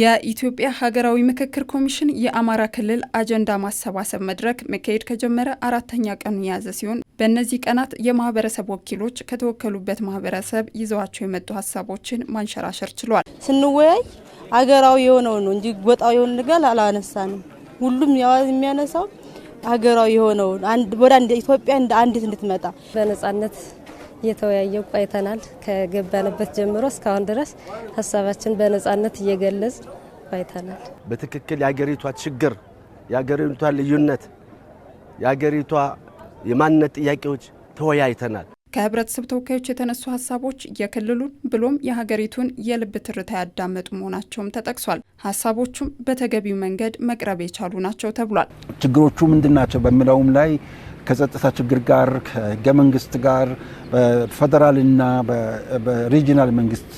የኢትዮጵያ ሀገራዊ ምክክር ኮሚሽን የአማራ ክልል አጀንዳ ማሰባሰብ መድረክ መካሄድ ከጀመረ አራተኛ ቀኑን የያዘ ሲሆን በእነዚህ ቀናት የማህበረሰብ ወኪሎች ከተወከሉበት ማህበረሰብ ይዘዋቸው የመጡ ሀሳቦችን ማንሸራሸር ችሏል። ስንወያይ ሀገራዊ የሆነው ነው እንጂ ወጣው የሆነ ነገር አላነሳንም። ሁሉም የሚያነሳው ሀገራዊ የሆነውን ወደ ኢትዮጵያ እንደ አንዲት እንድትመጣ በነጻነት እየተወያየን ቆይተናል። ከገባንበት ጀምሮ እስካሁን ድረስ ሀሳባችን በነጻነት እየገለጽ ቆይተናል። በትክክል የሀገሪቷ ችግር፣ የሀገሪቷ ልዩነት፣ የሀገሪቷ የማንነት ጥያቄዎች ተወያይተናል። ከህብረተሰብ ተወካዮች የተነሱ ሀሳቦች የክልሉን ብሎም የሀገሪቱን የልብ ትርታ ያዳመጡ መሆናቸውም ተጠቅሷል። ሀሳቦቹም በተገቢው መንገድ መቅረብ የቻሉ ናቸው ተብሏል። ችግሮቹ ምንድን ናቸው በሚለውም ላይ ከጸጥታ ችግር ጋር ከህገ መንግስት ጋር በፌደራልና በሪጂናል መንግስት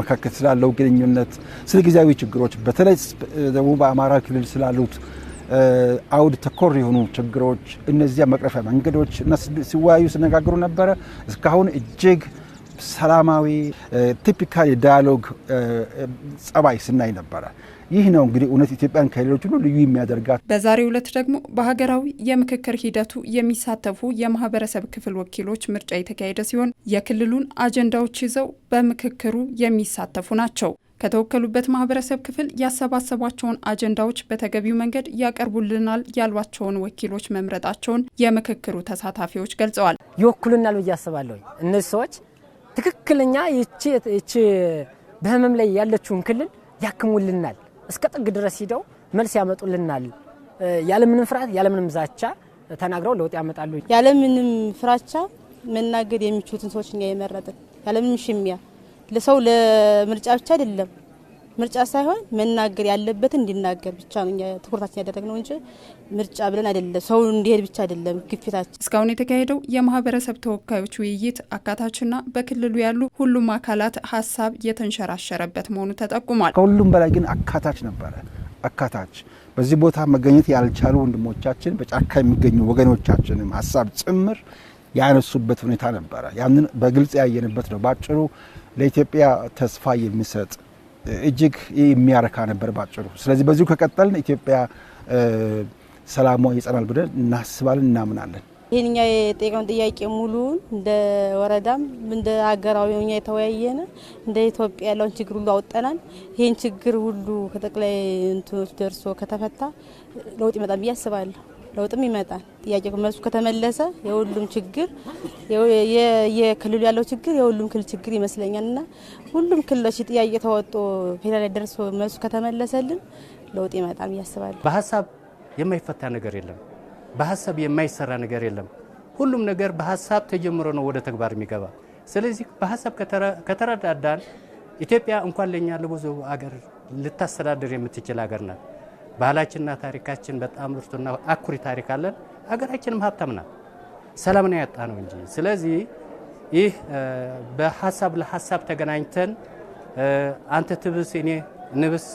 መካከል ስላለው ግንኙነት፣ ስለ ጊዜያዊ ችግሮች በተለይ ደግሞ በአማራ ክልል ስላሉት አውድ ተኮር የሆኑ ችግሮች እነዚያ መቅረፊያ መንገዶች እና ሲወያዩ ሲነጋገሩ ነበረ። እስካሁን እጅግ ሰላማዊ ቲፒካል ዳያሎግ ጸባይ ስናይ ነበረ። ይህ ነው እንግዲህ እውነት ኢትዮጵያን ከሌሎች ሁሉ ልዩ የሚያደርጋት። በዛሬው ዕለት ደግሞ በሀገራዊ የምክክር ሂደቱ የሚሳተፉ የማህበረሰብ ክፍል ወኪሎች ምርጫ የተካሄደ ሲሆን የክልሉን አጀንዳዎች ይዘው በምክክሩ የሚሳተፉ ናቸው። ከተወከሉበት ማህበረሰብ ክፍል ያሰባሰቧቸውን አጀንዳዎች በተገቢው መንገድ ያቀርቡልናል ያሏቸውን ወኪሎች መምረጣቸውን የምክክሩ ተሳታፊዎች ገልጸዋል። ይወክሉናል ብዬ አስባለሁ። እነዚህ ሰዎች ትክክለኛ ይቺ በህመም ላይ ያለችውን ክልል ያክሙልናል፣ እስከ ጥግ ድረስ ሂደው መልስ ያመጡልናል፣ ያለምንም ፍርሃት ያለምንም ዛቻ ተናግረው ለውጥ ያመጣሉ። ያለምንም ፍራቻ መናገድ የሚችሉትን ሰዎች እኛ የመረጥን ያለምንም ሽሚያ ለሰው ለምርጫ ብቻ አይደለም ምርጫ ሳይሆን መናገር ያለበትን እንዲናገር ብቻ ነው ትኩረታችን ያደረግነው እንጂ ምርጫ ብለን አይደለም። ሰው እንዲሄድ ብቻ አይደለም ግፊታችን። እስካሁን የተካሄደው የማህበረሰብ ተወካዮች ውይይት አካታችና በክልሉ ያሉ ሁሉም አካላት ሀሳብ የተንሸራሸረበት መሆኑ ተጠቁሟል። ከሁሉም በላይ ግን አካታች ነበረ። አካታች በዚህ ቦታ መገኘት ያልቻሉ ወንድሞቻችን፣ በጫካ የሚገኙ ወገኖቻችንም ሀሳብ ጭምር ያነሱበት ሁኔታ ነበረ። ያንን በግልጽ ያየንበት ነው። በአጭሩ ለኢትዮጵያ ተስፋ የሚሰጥ እጅግ የሚያረካ ነበር ባጭሩ። ስለዚህ በዚሁ ከቀጠልን ኢትዮጵያ ሰላሟ ይጸናል ብለን እናስባለን፣ እናምናለን። ይህኛ የጠየቀውን ጥያቄ ሙሉውን እንደ ወረዳም እንደ ሀገራዊ ኛ የተወያየነ እንደ ኢትዮጵያ ያለውን ችግር ሁሉ አውጠናል። ይህን ችግር ሁሉ ከጠቅላይ እንትኖች ደርሶ ከተፈታ ለውጥ ይመጣል ብዬ አስባለሁ። ለውጥም ይመጣል። ጥያቄ መልሱ ከተመለሰ የሁሉም ችግር የክልሉ ያለው ችግር የሁሉም ክልል ችግር ይመስለኛል እና ሁሉም ክልሎች ጥያቄ ተወጦ ፌዴራል ደርሶ መልሱ ከተመለሰልን ለውጥ ይመጣል እያስባለሁ። በሀሳብ የማይፈታ ነገር የለም። በሀሳብ የማይሰራ ነገር የለም። ሁሉም ነገር በሀሳብ ተጀምሮ ነው ወደ ተግባር የሚገባ። ስለዚህ በሀሳብ ከተረዳዳን ኢትዮጵያ እንኳን ለኛ ለብዙ አገር ልታስተዳድር የምትችል ሀገር ናት። ባህላችንና ታሪካችን በጣም ብርቱና አኩሪ ታሪክ አለን። አገራችንም ሀብታም ናት። ሰላም ነው ያጣ ነው እንጂ። ስለዚህ ይህ በሀሳብ ለሀሳብ ተገናኝተን አንተ ትብስ እኔ ንብስ፣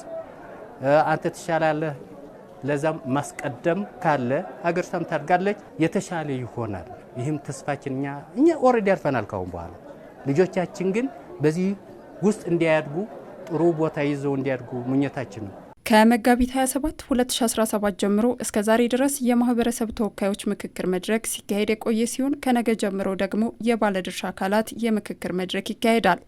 አንተ ትሻላለህ፣ ለዛም ማስቀደም ካለ ሀገር ሳም ታድጋለች፣ የተሻለ ይሆናል። ይህም ተስፋችን እኛ እኛ ኦልሬዲ አልፈናል። ካሁን በኋላ ልጆቻችን ግን በዚህ ውስጥ እንዲያድጉ ጥሩ ቦታ ይዘው እንዲያድጉ ምኞታችን ነው። ከመጋቢት 27 2017 ጀምሮ እስከ ዛሬ ድረስ የማህበረሰብ ተወካዮች ምክክር መድረክ ሲካሄድ የቆየ ሲሆን ከነገ ጀምሮ ደግሞ የባለድርሻ አካላት የምክክር መድረክ ይካሄዳል።